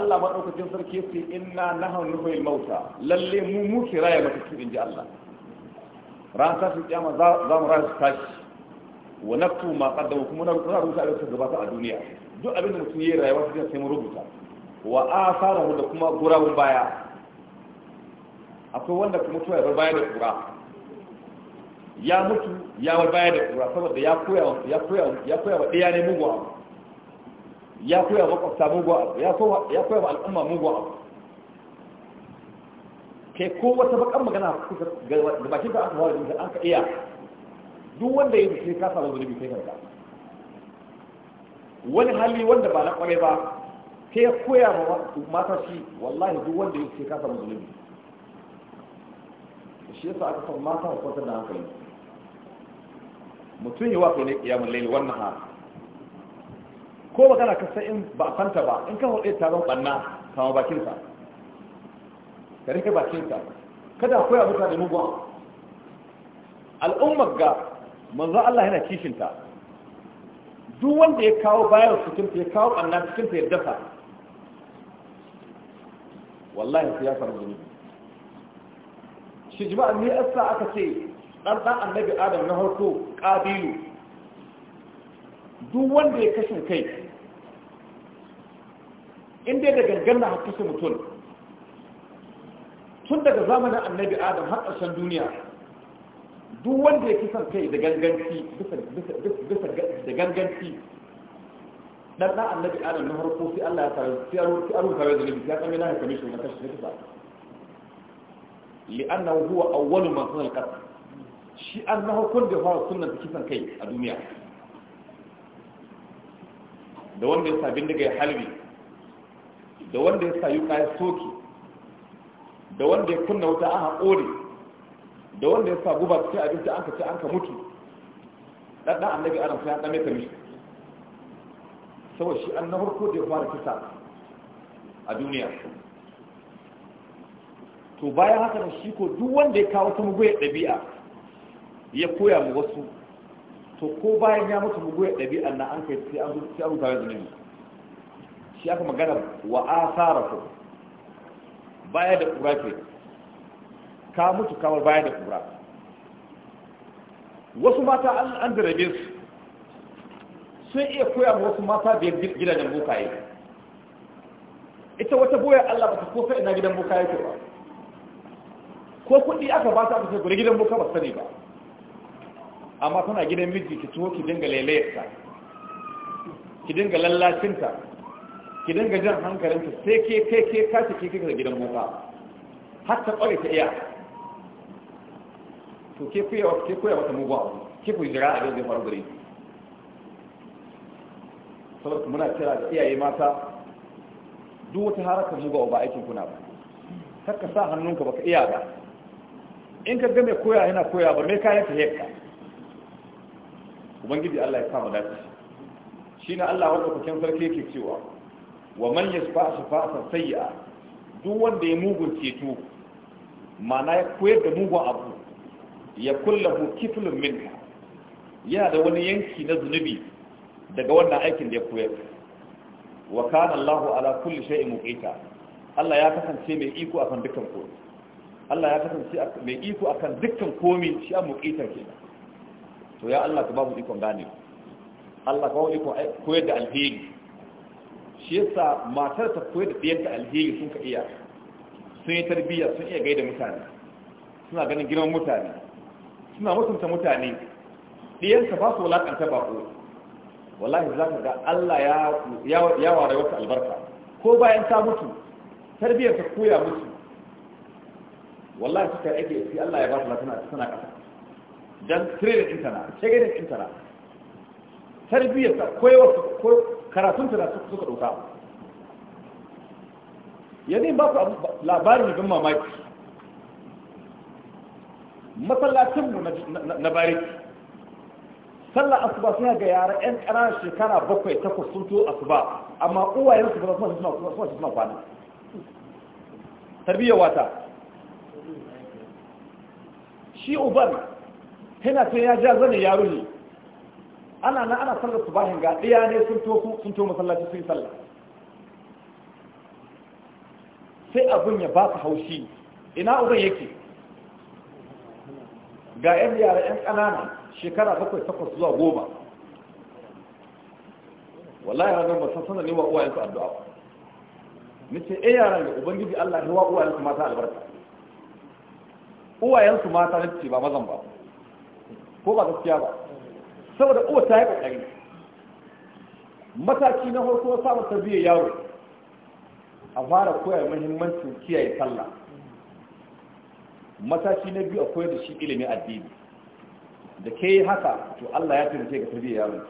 الله بارك في سرك إنا نحن نحيي الموتى للي مو مو كراية مكتوب إن جاء الله رانتا في القيامة ذا مرأة تاشي wa naktu ma qaddamu kuma na rubuta abin da suka gabata a duniya duk abin da mutum yayi rayuwa sai mu rubuta wa asarahu da kuma gurabun baya akwai wanda kuma tuwa ya bar baya da kura ya mutu ya bar baya da kura saboda ya koya ya koya ya koya wa ɗaya ne mugu abu ya koya wa makwabta mugu abu ya koya wa al'umma mugu abu kai ko wata bakan magana ga bakin da aka fara da an ka iya duk wanda ya yi sai ka samu zulubi sai ka wani hali wanda ba na kware ba sai ya koya ma mata shi wallahi duk wanda yake ka musulmi zulumi shi yasa aka san mata ku kwanta da hankali mutum yi wato ne kiyamun laili wannan ha ko magana ka san in ba fanta ba in ka hudu taron banna kama bakinsa ka rike bakinsa kada koya da mugun al'ummar ga manzo Allah yana kishinta duk wanda ya kawo bayar cikin ya kawo annabi cikin ya dafa. wallahi sai ya samu zunubi shi jima'a ne yasa aka ce dan dan annabi adam na harko kabilu duk wanda ya kashe kai inda da gangan na hakkin mutum tun daga zamanin annabi adam har ƙarshen duniya duk wanda ya kisan kai da ganganci bisa da ganganci dan dan annabi adam na farko sai Allah ya fara sai an sai an fara da nabi ya tsamme na hakami shi na kashi ne kisa lianna huwa awwalu man sanal qatl shi an na hukun da fara sunnar kisan kai a duniya da wanda ya sabin daga ya halbi da wanda ya sayu ya soki da wanda ya kunna wuta aha haƙori da wanda ya sa guba cikin abinci an ka ce an ka mutu ɗan ɗan annabi adam sai an ɗame ka saboda shi an na farko da ya fara kisa a duniya to bayan haka da shi ko duk wanda ya kawo ta muguyar ɗabi'a ya koya mu wasu to ko bayan ya mutu muguyar ɗabi'a na an kai sai an rubuta mai zunubi shi aka magana wa asara ko baya da kura ke ka mutu kamar baya da kura. wasu mata an da rabe su sun iya koya ma wasu mata biyar gidajen bukaye ita wata boyar Allah ba ta kosa ina gidan bukaye ke ba ko kuɗi aka ba ta aka sai gure gidan boka ba sani ba amma tana gidan miji ki tuwo ki dinga lalayarta ki dinga lallacinta ki dinga jan hankalinta sai ke kai ke kace ke kai gidan boka har ta kware ta iya to ke koya ke koya wata mugu ke koyi jira a zai faru gare ki saboda muna kira da iyaye mata duk wata harakar mugawa ba aikin kuna ba kakka sa hannunka baka iya ba in ka game koya yana koya ba mai kayan tahiyarka ubangiji Allah ya kama dace shi na Allah wanda kuken sarki yake cewa wa man yasfa shafa'atan sayya duk wanda ya mugun ceto mana ya koyar da mugun abu ya kullahu kiflun minka yana da wani yanki na zunubi daga wannan aikin da ya koyar wa kana Allah ala kulli shay'in muqita Allah ya kasance mai iko akan dukkan komai Allah ya kasance mai iko akan dukkan komai shi an muqita ke to ya Allah ka ba mu iko gane Allah ka ba mu ikon koyar da alheri shi yasa matar ta koyar da diyanta alheri sun ka iya sun yi tarbiyya sun iya gaida mutane suna ganin girman mutane suna mutunta mutane diyansa ba su wulakanta ko wallahi za ka ga Allah ya ware wata albarka ko bayan ta mutu tarbiyyar ta koya mutu wallahi suka ake fi Allah ya ba ta lafiya tana kasa dan training da intana shege din tarbiyyar ta koyar ko karatun ta suka dauka yanzu ba ku labarin bin mamaki Masallacinmu na bariki sallar asuba suna ga yara yan ƙananan shekara bakwai takwas sun to asuba amma uwayen su ba su suna suna suna kwana tarbiyya wata shi uban yana sai ya ja zane yaro ne ana na ana sallar bahin ga ɗaya ne sun to sun to masallaci sun sallah sai abun ya ba su haushi ina uban yake ga yan yara yan ƙanana shekara bakwai takwas zuwa goma wallahi ya ba san sanar ne wa uwayensu addu'a ba nace eh yaran da ubangiji Allah ya wa uwayensu mata albarka uwayensu mata na ce ba mazan ba ko ba gaskiya ba saboda uwa ta yi kokari mataki na farko samun tarbiyyar yaro a fara koyar mahimmancin kiyaye sallah mataki na biyu a koyar da shi ilimin addini da ke yi haka to Allah ya taimake ka tarbiyyar yaron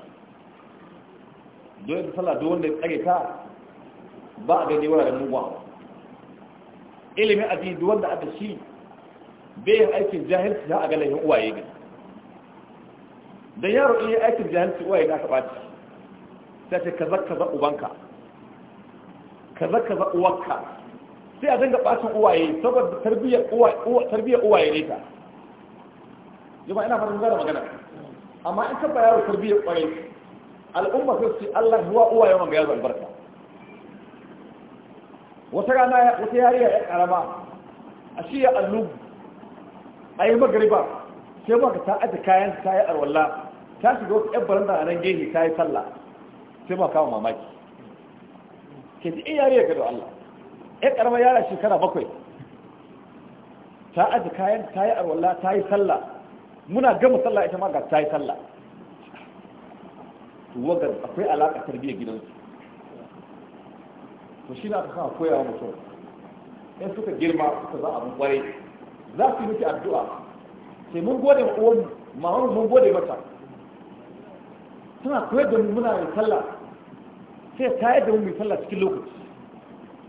don da sallah don wanda ya tsare ta ba a gani wuraren mugun abu ilimin addini duk wanda aka shi bai yin aikin jahilci za a ganin yin uwaye ne don yaro in yi aikin jahilci uwaye na ka ɓaci sai ce kaza kaza ubanka kaza kaza uwarka sai a zanga ɓacin uwaye saboda tarbiyyar uwaye ne ta jama'a ina fara zara magana amma in ka bayar tarbiyyar kwarai al'umma sai su Allah huwa uwa yawan ga yazo albarka wata rana wata yariya ya karama a shi ya allu a yi magariba sai maka ta aji kayan ta yi arwalla ta shiga wata yan baranda a nan gehe ta yi sallah sai ma kawo mamaki ke ji in yariya ga Allah ya karama yara shekara bakwai ta aji kayan ta yi arwalla ta yi sallah muna gama sallah ita ma ga ta yi sallah to wagar akwai alaƙa tarbiyyar gidansu to shi na aka kama koyawa mutum in suka girma suka za abin kwarai za su yi miki addu'a sai mun gode wa uwan mahauru mun gode mata suna koyar da mu muna yin sallah sai ta yadda mu mai sallah cikin lokaci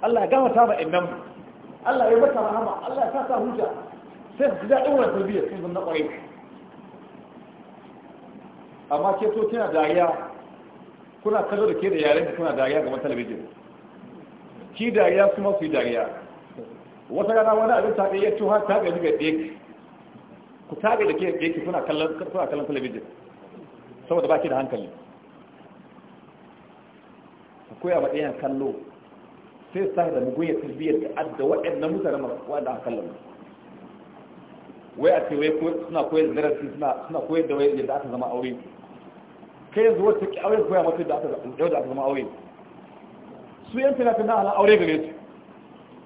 Allah ya gama ta ba ɗan Allah ya mata rahama Allah ya sa ta hujja sai su ji daɗin wannan tarbiyyar sun zama na kwarai amma ke so kina dariya kuna kallo da ke da yaren da kuna dariya ga talabijin ki dariya kuma su yi dariya wata rana wani abin ta ɗaya tuha ta ga ga ɗaya ku tage da ke ɗaya kuna kallon kuna kallon talabijin saboda ba ki da hankali ku koya ma ɗayan kallo sai sa da mugunya tarbiyyar da adda waɗannan mutane waɗanda aka kallon wai a ce wai suna koyar da darasi suna koyar da wai yadda aka zama aure kai yanzu wata ki aure koya mata da aka yau da aka zama aure su yan fina fina ala aure gare su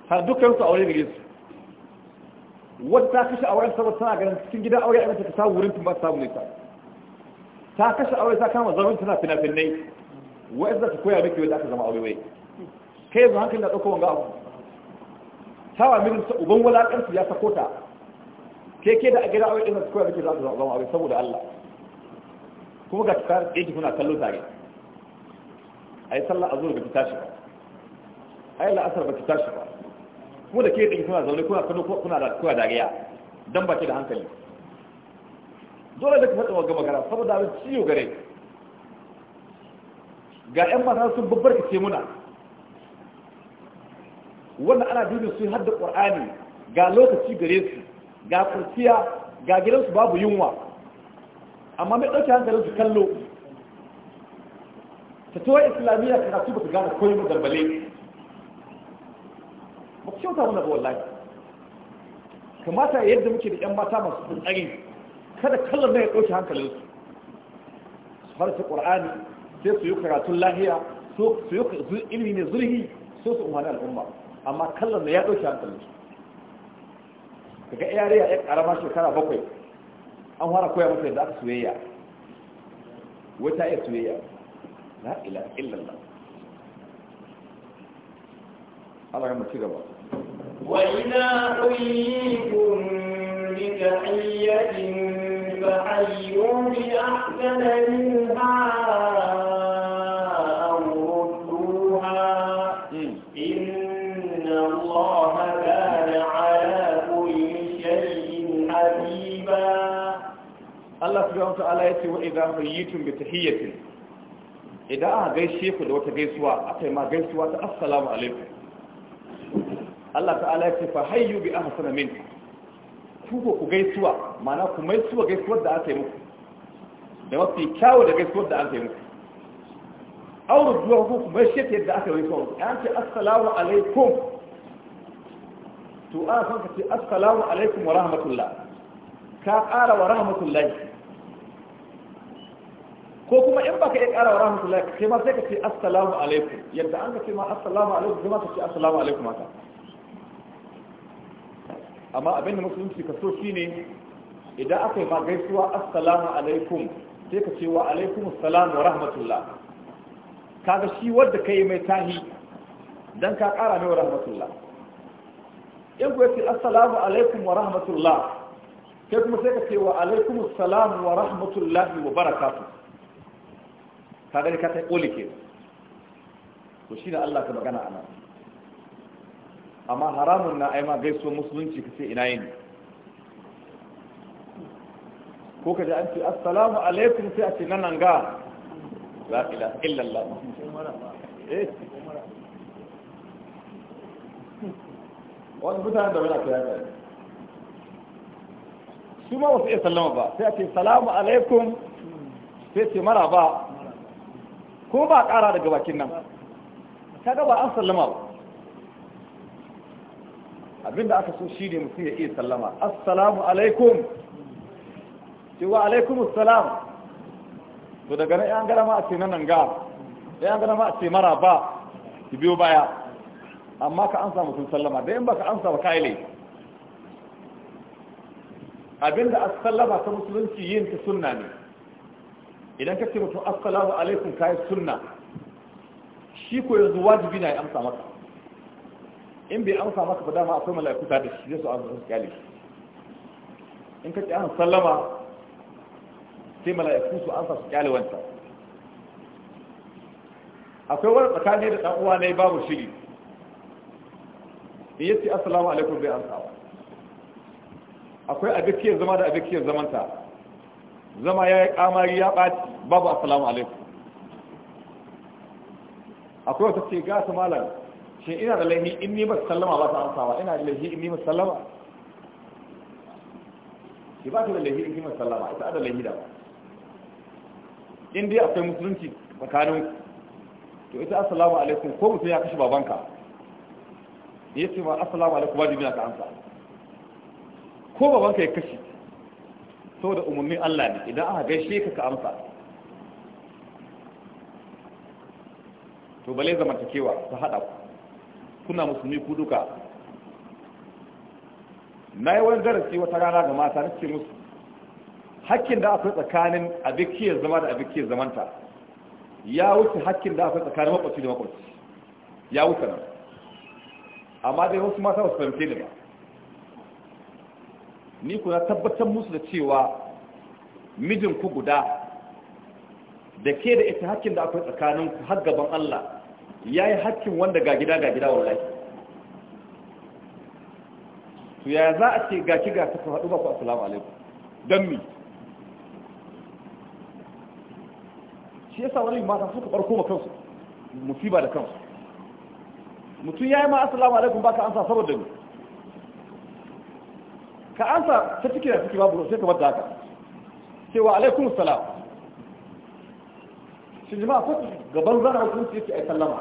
har dukkan su aure gare su wata ta kashe aure saboda tana ganin cikin gidan aure a ta samu wurin tun ba ta samu nisa ta kashe aure ta kama zaman tana fina finai wa'in za ta koya miki wanda aka zama aure wai kai yanzu hankali na ɗauka wanga abu tawa mirin sa uban wala ya sako ta ke ke da a gidan aure ɗin ta koya miki za ta zama aure saboda Allah kuma ga da yake kuna kallo tare ai sallah azhar ba ki shi ba yi la'asar ba ki shi ba kuma da ke yake kuna zaune kuna kallo kuna da kuna dariya dan ba ke da hankali dole da ka fada wa gaba gara saboda abin ciwo gare ga 'yan mata sun babbar ka ce muna wannan ana dubi su har da qur'ani ga lokaci gare su ga kurciya ga gidansu babu yunwa amma mai ɗauke hankalin su kallo ta tuwa islamiyya karatu ba su gane koyi mu darbale ba ku kyauta mana ba wallahi kamata yadda muke da yan mata masu tsari kada kallon ya ɗauke hankalin su su harsa ƙur'ani sai su yi karatun lahiya su yi ilimi mai zurhi so su umarni al'umma amma kallon ya ɗauke hankalin su daga yare ya ƙarama shekara bakwai an fara koya masa yadda aka soyayya wata iya soyayya la ila illallah Allah ya mutu gaba wa ila hayyikum bi tahiyyatin fa hayyu bi ahsana minha ta'ala ya ce wa idan hayyitun bi tahiyyatin idan aka gaishe ku da wata gaisuwa aka yi ma gaisuwa ta assalamu alaikum Allah ta'ala ya ce fa hayyu bi hasana min ku ko ku gaisuwa ma'ana ku mai suwa gaisuwar da aka yi muku da mafi kyawu da gaisuwar da aka yi muku aure zuwa ku ku mai shi yadda aka yi muku an ce assalamu alaikum to a son ka ce assalamu alaikum wa rahmatullah ka ƙara wa rahmatullahi ko kuma in baka iya ƙara wa rahmatullahi kai ma sai ka ce assalamu alaikum yadda an ka ce ma assalamu alaikum zama ma ka ce assalamu alaikum mata amma abin da musulunci ka so ne idan aka yi ma gaisuwa assalamu alaikum sai ka ce wa alaikum assalam wa rahmatullah kaga shi ka kai mai tahi dan ka ƙara mai wa rahmatullah in kuwa ce assalamu alaikum wa rahmatullah sai kuma sai ka ce wa alaikum assalam wa rahmatullahi wa barakatuh ka gani ka tai koli ke to shine Allah ka magana anan amma haramun na ai ma gaiso musulunci ka ce ina yini ko ka ji an ce assalamu alaikum sai a ce nan nan ga la ilaha illallah eh wani mutane da wani akwai ta su ma wasu iya sallama ba sai a ce salamu alaikum sai ce mara ba ko ba ƙara daga bakin nan ta gaba an sallama ba abinda aka so shi ne mutum ya iya sallama assalamu alaikum cewa alaikum assalam to daga na yan gara ma a ce na nan ga yan gara ma a ce mara ba ki biyo baya amma ka ansa mutum sallama da in ka ansa ba kai lai abinda as-sallama ta musulunci yin ta sunna ne idan ka ce mutum assalamu alaikum kayi sunna shi ko yanzu wajibi na ya amsa maka in bai amsa maka ba dama akwai mala'iku ta da shi zai su amsa su kyale in ka ce an sallama sai mala'iku su amsa su kyale wanta akwai wani tsakani da dan uwa ne babu shiri in yace assalamu alaikum bai amsa akwai abikiyar zama da abikiyar zamanta zama ya yi kamari ya ɓaci babu asalamu alaikum akwai wata ce ga su malam shi ina da laihi in ni ba sallama ba ta amsawa ina da laihi in ni ba sallama shi ba ta da laihi in ni ba sallama ita da laihi da ba in dai akwai musulunci tsakanin to ita asalamu alaikum ko mutum ya kashe babanka ya ce ma asalamu alaikum ba na ka amsa ko babanka ya kashe da umarnin Allah ne idan aka gaishe ka ka amsa to bale zamantakewa ta haɗa ku kuna musulmi ku duka na yi wani darasi wata rana ga mata nake musu hakkin da akwai tsakanin abikiyar zama da abikiyar zamanta ya wuce hakkin da akwai tsakanin makwaci da makwaci ya wuce nan amma dai wasu mata wasu fahimce ne ba ni ku na tabbatar musu da cewa mijinku guda da ke da ita hakkin da akwai tsakaninku har gaban Allah ya yi hakkin wanda ga gida ga gida wallahi to ya za a ce ga kiga ta haɗu ba ku assalamu alaikum don mi shi yasa wani mata suka barko ma kansu musiba da kansu mutum ya yi ma assalamu alaikum ba ka ansa saboda mu ka ansa ta ciki da ciki babu sai kamar da haka cewa alaikum salam shi jama'a ko gaban zana hukunci yake ai sallama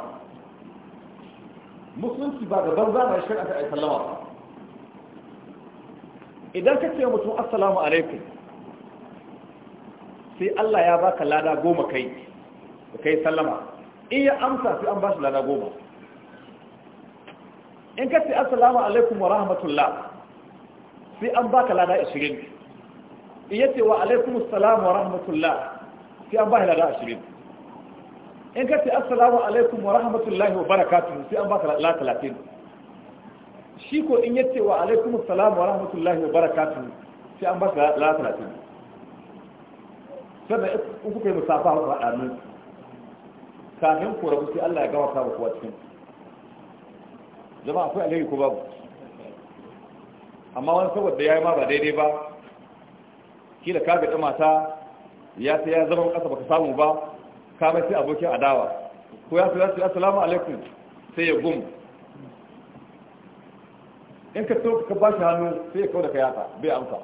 musulunci ba gaban zana shari'a ta ai sallama idan ka ce mutum assalamu alaikum sai Allah ya baka lada goma kai da kai sallama in ya amsa sai an ba shi lada goma in ka ce assalamu alaikum wa rahmatullah sai an baka lada 20 in yace wa alaikum assalam wa rahmatullah sai an baka lada 20 in ka ce assalamu alaikum wa rahmatullahi wa barakatuh sai an baka lada 30 shi ko in yace wa alaikum assalam wa rahmatullahi wa barakatuh sai an baka lada 30 sannan in kuka yi musafa a ranar kafin ku rabu sai Allah ya gawa ka ba kowa cikin jama'a akwai alheri ko babu amma wani saboda ya yi ma ba daidai ba kila ka gaɗi mata ya sai ya zama ƙasa baka samu ba ka mai sai abokin adawa ko ya sai ya salamu alaikum sai ya gum in ka to ka bashi hannu sai ya kawo da ka yata bai amsa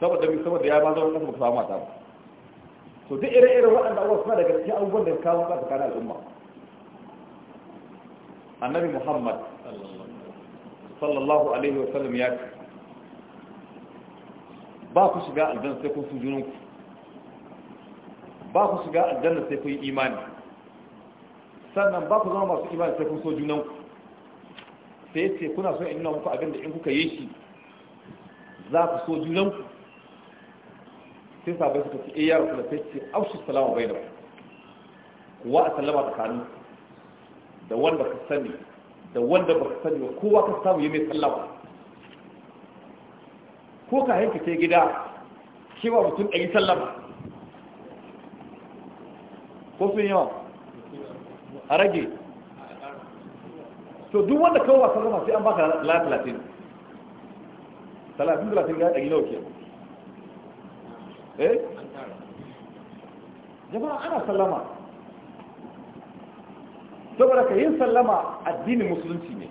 saboda mai saboda ya yi ma zama ƙasa baka samu mata ba So duk ire-iren waɗanda Allah suna daga cikin abubuwan da ya kawo ba tsakanin al'umma annabi muhammad sallallahu alaihi wasallam ya ce ba ku shiga aljanna sai kun ku ba ku shiga aljanna sai kun yi imani sannan ba ku zama masu imani sai kun so junanku sai ce kuna so in nuna muku abin da in kuka yi shi za ku so junanku sai sabai suka ce iya eh, rasu da sai ce aushi salama bai da wa a sallama tsakanin da wanda ka sani da wanda ba ka sani ba kowa ka samu yi mai sallama ko ka yanka ce gida cewa mutum ɗari sallama ko sun yawa a rage to duk wanda kawo ba sallama sai an baka la talatin talatin talatin ga ɗari nawa eh jama'a ana sallama saboda ka yin sallama addinin musulunci ne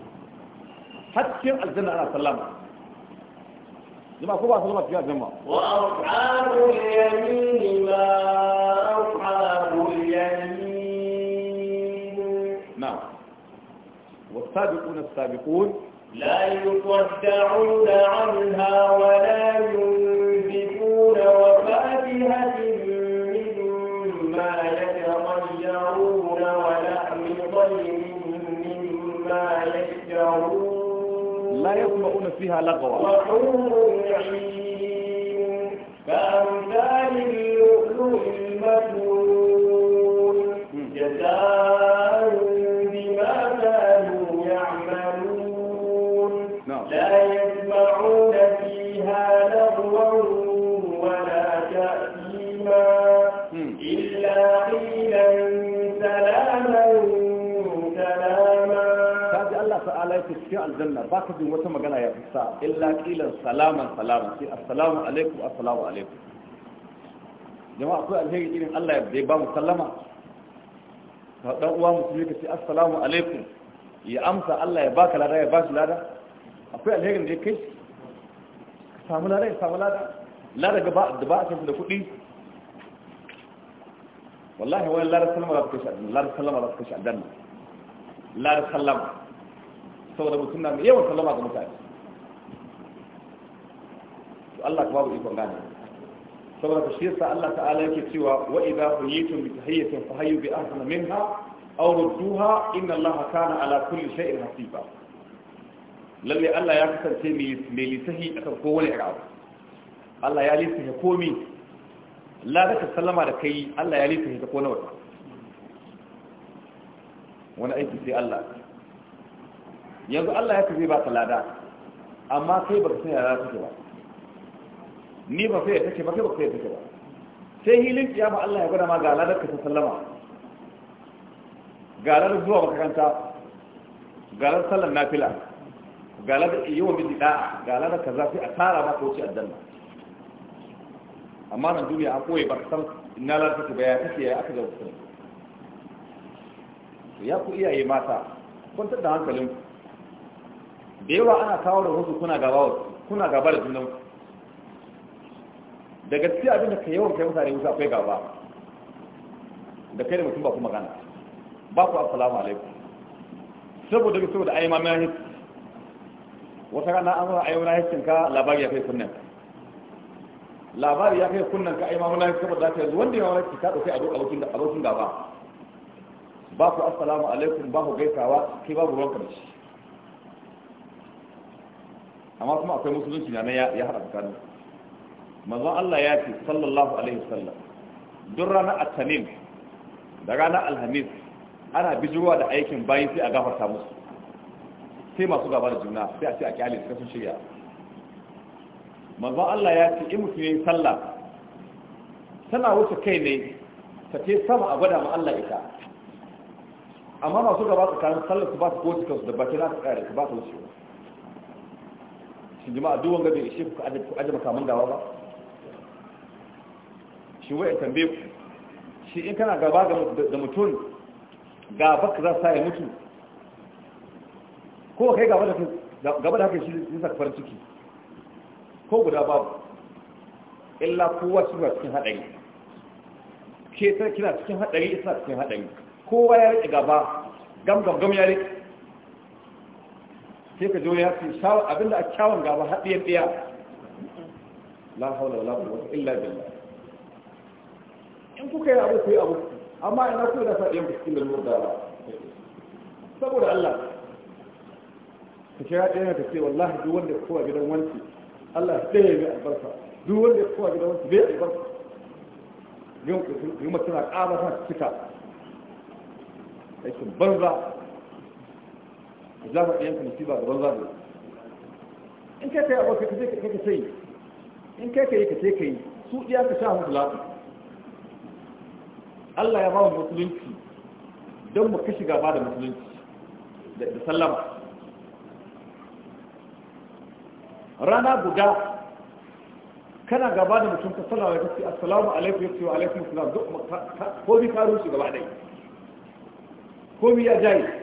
hakkin aljanna ana sallama jama'a ko ba sallama cikin aljanna wa ashabul yamin ma ashabul yamin na'am والسابقون السابقون لا يصدعون عنها ولا ينفقون وفاكهة لا يسمعون فيها لغوا كأمثال اللؤلؤ المكنون جزاء cikin aljanna ba ka jin wata magana ya illa kilan salaman sai assalamu alaikum assalamu alaikum jama'a akwai alheri irin Allah ya bai ba mu sallama ka dan uwa musulmi ka ce assalamu alaikum ya amsa Allah ya baka lada ya bashi lada akwai alherin da kai ka samu lada ya samu lada lada gaba da ba a tafi da kuɗi wallahi wani lada sallama za ta kashe aljanna lada sallama za ta kashe aljanna lada sallama saboda mutum na mai yawan sallama ga mutane to Allah ka babu ikon gane saboda ka shi yasa Allah ta'ala yake cewa wa idza huyitum bi tahiyyatin fa hayyu bi ahsana minha aw rudduha inna Allah kana ala kulli shay'in hasiba lalle Allah ya kasance mai lisahi akan kowane abu Allah ya lisahi komi ladaka sallama da kai Allah ya lisahi ta kowane wata wani aiki sai Allah yanzu Allah ya kaze ba ta lada amma kai baka san yara take ba ni ba sai ya take ba kai baka sai ya take ba sai hilin kiyama Allah ya gwada ma ga ladar ka ta sallama ga ladar zuwa kanta ga ladar sallar nafila ga ladar yawan miji da'a ga ladar ka zafi a tara maka wuce aljanna amma nan duniya an ba baka san ina ladar take ba ya take ya aka ga wasu ya ku iyaye mata kwantar da hankalinku da yawa ana kawo rahoto kuna gaba kuna gaba da junan da gaske abin da ka yawan kai mutane wuta akwai gaba da kai da mutum ba ku magana ba ku assalamu alaikum saboda ga saboda ai ma mai hit wata rana an zo ai wani hitin ka labari ya kai kunnan labari ya kai kunnan ka ai ma wani hitin ka yanzu wanda ya wani ka dauke abokin abokin gaba ba ku assalamu alaikum ba ku gaisawa kai babu ruwan kamshi amma kuma akwai musulunci na ya haɗa tsakanin manzo Allah ya ce sallallahu alaihi wasallam duk ranar atanin da ranar alhamis ana bijirwa da aikin bayan sai a gafarta musu sai masu gaba da juna sai a ce a kyale suka sun shirya manzo Allah ya ce in mutum yayin sallah tana wuce kai ne ta ce sama a gwada ma Allah ita amma masu gaba tsakanin sallar su ba su goce kansu da bakin za su tsaya da su ba su wucewa shin jama'a duk wanga bai ishe ku aje makaman gawa ba shi wai tambaye ku shi in kana gaba da mutum gaba ka za sa ya mutu ko kai gaba da gaba da haka shi ne saka farin ciki ko guda babu illa kowa suna cikin haɗari ke kina cikin haɗari isa cikin hadari kowa ya rike gaba gam gam gam ya rike sai ka zo ya fi sawa abinda a kyawun gaba haɗiyar ɗaya la haula wala quwwata illa billah in kuka yi abu ku yi abu amma ina ku da faɗiyar ku cikin lalura da saboda Allah ka kira ɗaya ka ce wallahi duk wanda kowa gidan wanki Allah sai ya yi albarka duk wanda kowa gidan wanki bai albarka yau kuma tana ƙara sa cika aikin banza ka ja faɗi yanka musiba gaban zaɓi in kai kai abokai ka je ka kai ka sai in kai ka yi ka sai ka yi su ɗiya ka sha musu lafi Allah ya ba mu musulunci don mu kashi gaba da musulunci da sallama rana guda kana gaba da mutum ka sallama ya ce assalamu alaikum ya ce wa alaikum assalam duk ko bi ka rushe gaba ɗaya ko bi ya jayi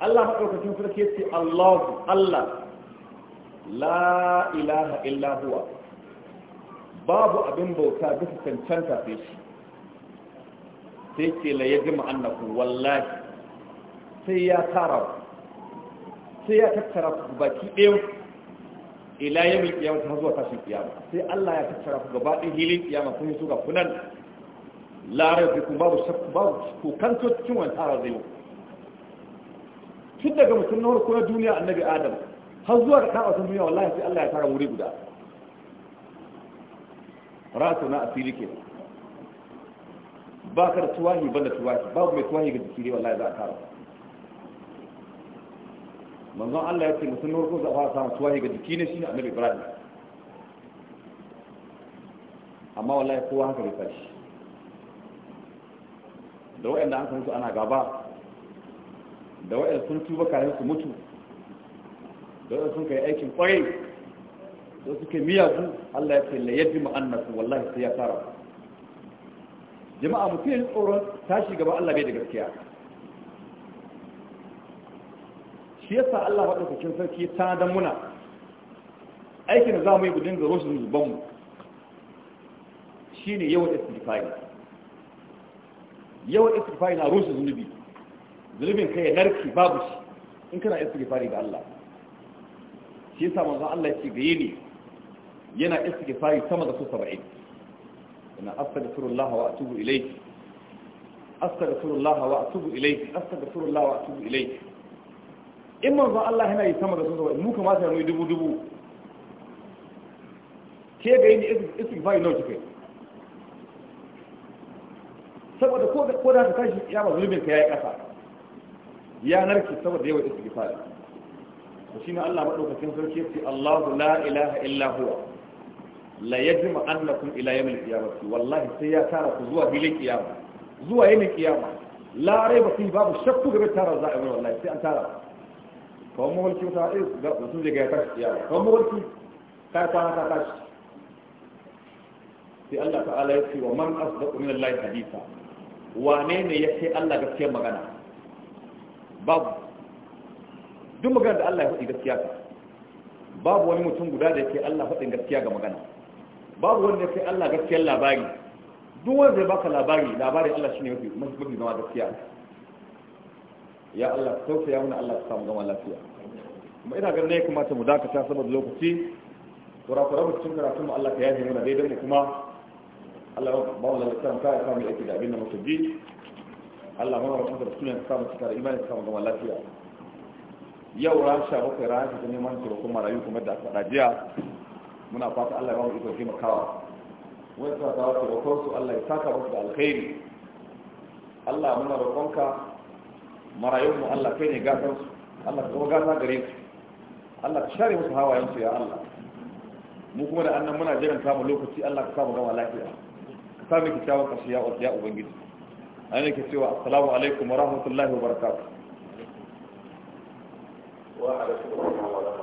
Allah maɗaukacin sarki ce Allah Allah la ilaha illa huwa babu abin bauta bisa cancanta sai shi sai ce la yajma annakum wallahi sai ya tara sai ya tattara baki ɗaya ila yamin kiyama ta zuwa tashin kiyama sai Allah ya tattara ku gaba ɗin hilin kiyama kun yi su ga kunan la rabbikum babu shakku babu kokanto cikin wani tsara zai yi tun daga mutum na farko na duniya annabi adam har zuwa da wasan duniya wallahi sai Allah ya tara wuri guda rasu na asiri ke ba ka da tuwahi ban da tuwahi babu mai tuwahi ga jiki ne wallahi za a tara manzon Allah ya ce mutum na farko za a fara samun tuwahi ga jiki ne shine annabi ibrahim amma wallahi kowa haka bai tashi da wa'anda an san su ana gaba da waɗanda sun tuba kayan su mutu da waɗanda sun kai aikin ƙwarai da suke miyagu Allah ya ce la yaddi ma'annasu wallahi sai ya tara jama'a mutum yin tsoron tashi gaba Allah bai da gaskiya shi yasa Allah ɗaukacin sarki ta dan muna aikin da za mu yi gudun ga rushin zubanmu shi ne yawan istifari yawan istifari na roshin zunubi zunubin ka ya narki babu shi in kana istighfari ga Allah shi yasa manzo Allah ya ce ga yana istighfari sama da su 70 ina astaghfirullah wa atubu ilayhi astaghfirullah wa atubu ilayhi astaghfirullah wa atubu in manzo Allah yana yi sama da su 70 mu kamata mu yi dubu dubu ke ga yini istighfari nawa kike saboda ko da ka ya ba zunubin ka yi kasa ya narki saboda yawan istighfari to ne Allah madaukakin sarki yace Allahu la ilaha illa huwa la yajma annakum ila yawmil qiyamati wallahi sai ya tara ku zuwa hilin kiyama zuwa yayin kiyama la raiba fi babu shakku game tara za a yi wallahi sai an tara kawon mawalki ta haɗe ga mutum zai ga ya tashi kiyama kawon mawalki ta kwana ta tashi sai Allah ta'ala ya ce wa man asdaqu min Allah hadisa wane ne ya ce Allah gaskiyar magana babu duk magana da Allah ya faɗi gaskiya ka babu wani mutum guda da yake Allah faɗin gaskiya ga magana babu wanda yake Allah gaskiyar labari duk wanda zai baka labari labarin Allah shine mun mafi zama gaskiya ya Allah sauke ya mun Allah ta samu zaman lafiya kuma ina ganin kuma ta mu dakata saboda lokaci kura mu cikin karatu mu Allah ka yaje muna daidai ne kuma Allah ba mu lalata ka ya yake da abin da mutum ji Allah ma wa da sunan samu cika da imanin samu zaman lafiya yau ran sha bakwai ran ta neman tsoro kuma rayu kuma da faɗa jiya muna fata Allah ya ba mu iko taimakawa wani ta kawo taimakon su Allah ya saka musu da alkhairi Allah muna roƙonka marayun mu Allah kai ne gafar su Allah ka zama gasa gare su Allah ka share musu hawayen su ya Allah mu kuma da annan muna jiran samu lokaci Allah ka samu gama lafiya ka samu kyakkyawan ƙarshe ya ubangiji an yake cewa assalamu alaikum wa rahmatullahi wa barakatuh